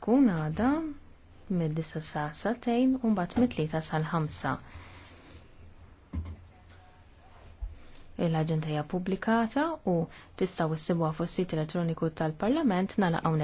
tkun għada mid-disa sa' tejn un bat mit-tlieta sal-ħamsa. Il-agenda hija pubblikata u tistgħu issibuha fuq sit elettroniku tal-Parlament nagħlaq